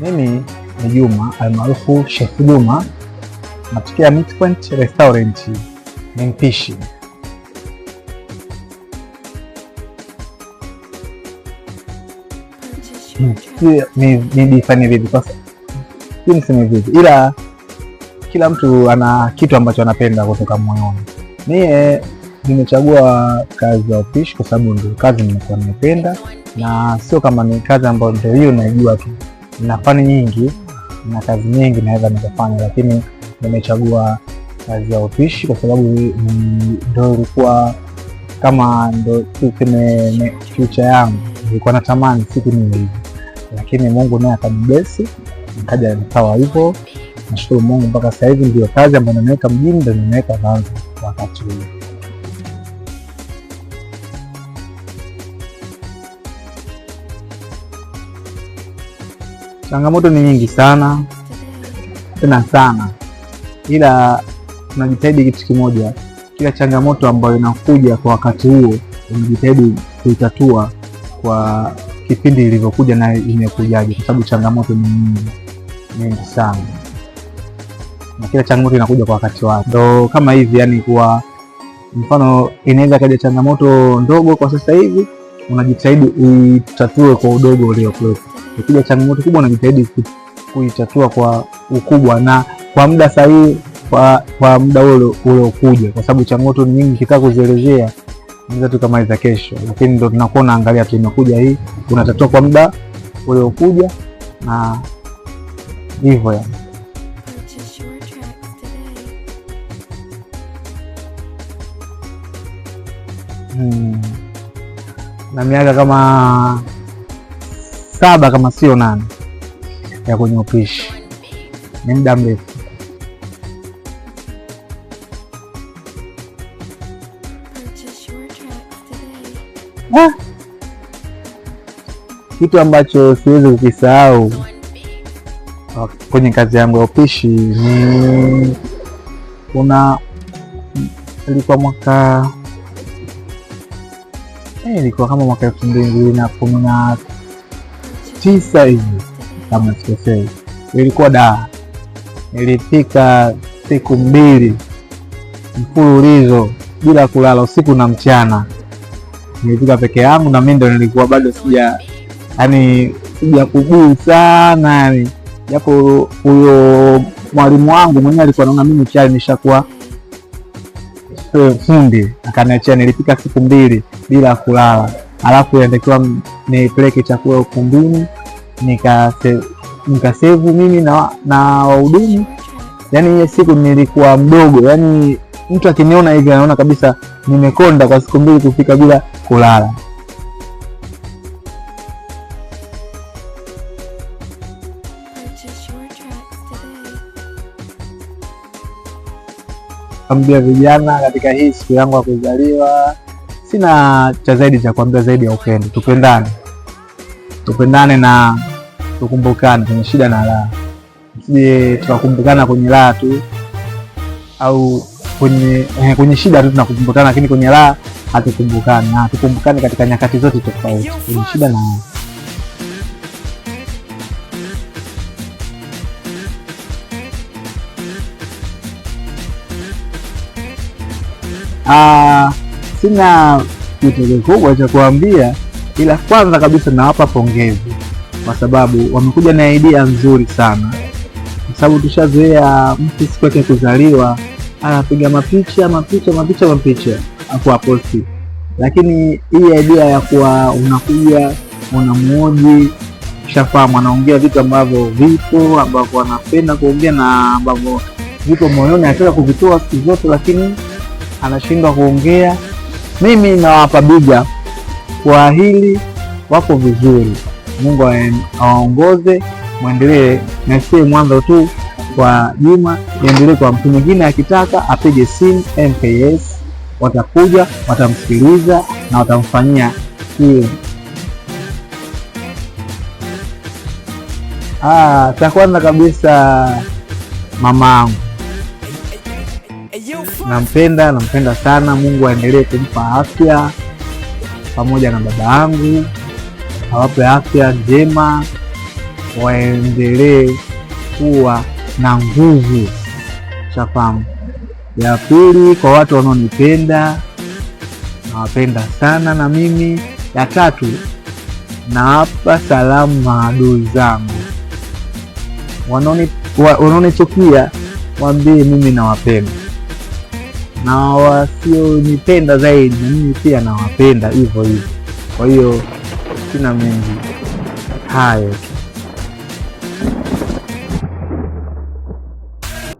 Mimi ni Juma almaarufu Chef Juma, natokea Meat Point Restaurant, ni mpishi. Nijifanye vipi niseme vipi, ila kila mtu ana kitu ambacho anapenda kutoka moyoni. Mie Nimechagua kazi ya upishi kwa sababu ndio kazi nimekuwa nimependa, na sio kama ni kazi ambayo ndio hiyo najua tu. Nina fani nyingi na kazi nyingi naweza nikafanya, lakini nimechagua kazi ya upishi kwa sababu ndio ilikuwa kama ndo tuseme future yangu, nilikuwa natamani siku niwe hivi, lakini Mungu naye akanibesi nikaja nikawa hivyo. Nashukuru Mungu mpaka sasa hivi ndio kazi ambayo nimeweka mjini ndio nimeweka Mwanza wakati huu. Changamoto ni nyingi sana tena sana, ila tunajitahidi kitu kimoja, kila changamoto ambayo inakuja kwa wakati huo unajitahidi kuitatua kwa kipindi ilivyokuja na imekujaje, kwa sababu changamoto ni nyingi nyingi sana, na kila changamoto inakuja kwa wakati wake. Ndo kama hivi yani, kwa mfano inaweza kaja changamoto ndogo kwa sasa hivi unajitahidi uitatue kwa udogo uliokuwepo. Ukija changamoto kubwa, unajitahidi kuitatua kwa ukubwa na kwa muda sahihi, kwa, kwa muda huo uliokuja, kwa sababu changamoto ni nyingi, kikaa kuzielezea tunaweza tukamaliza kesho, lakini ndo tunakuwa unaangalia tu imekuja hii, unatatua kwa muda uliokuja na hivyo yani. Hmm na miaka kama saba kama sio nane ya kwenye upishi, ni muda mrefu. Kitu ambacho siwezi kukisahau kwenye kazi yangu ya upishi ni kuna, ilikuwa mwaka ilikuwa kama mwaka elfu mbili na kumi na tisa hivi kama sikosei, ilikuwa da nilipika siku mbili mfululizo bila kulala usiku na mchana, nilipika peke yangu, na mi ndo nilikuwa bado sija yani sija kuguu sana yani, japo huyo mwalimu wangu mwenyewe alikuwa naona mimi tayari nishakuwa e, fundi akaniachia, nilipika siku mbili bila kulala, alafu inatakiwa nipeleke chakula ukumbini, nikasevu mimi na, na wahudumu. Yani hiyo siku nilikuwa mdogo, yani mtu akiniona hivi anaona kabisa nimekonda kwa siku mbili kufika bila kulala. kuambia vijana katika hii siku yangu ya kuzaliwa. Sina cha zaidi cha kuambia zaidi ya upendo, tupendane, tupendane na tukumbukane kwenye shida na raha, sije tukakumbukana kwenye raha tu au kwenye eh, kwenye shida tu tunakumbukana, lakini kwenye raha hatukumbukani, na tukumbukane katika nyakati zote tofauti, kwenye shida na Ah, sina kitu kikubwa cha kuambia, ila kwanza kabisa nawapa pongezi kwa sababu wamekuja na idea nzuri sana, kwa sababu tushazoea mtu siku yake kuzaliwa anapiga mapicha mapicha mapicha mapicha akuwa posti, lakini hii idea ya kuwa unakuja unamuoji shafamu anaongea vitu ambavyo vipo ambavyo anapenda kuongea na ambavyo vipo moyoni anataka kuvitoa siku zote, lakini anashindwa kuongea. Mimi nawapa biga kwa hili, wako vizuri. Mungu awaongoze, mwendelee nasie mwanzo tu kwa Juma, endelee kwa mtu mwingine. Akitaka apige simu MKS, watakuja watamsikiliza na watamfanyia hiyo. Ah, cha kwanza kabisa mamangu nampenda, nampenda sana. Mungu aendelee kumpa afya pamoja na baba yangu, awape afya njema, waendelee kuwa na nguvu. Shafamu ya pili kwa watu wanaonipenda, nawapenda sana na mimi. Ya tatu, nawapa salamu maadui zangu wanaonichukia, waambie mimi nawapenda na wasionipenda zaidi, na mimi pia nawapenda hivyo hivyo. Kwa hiyo sina mengi hayo.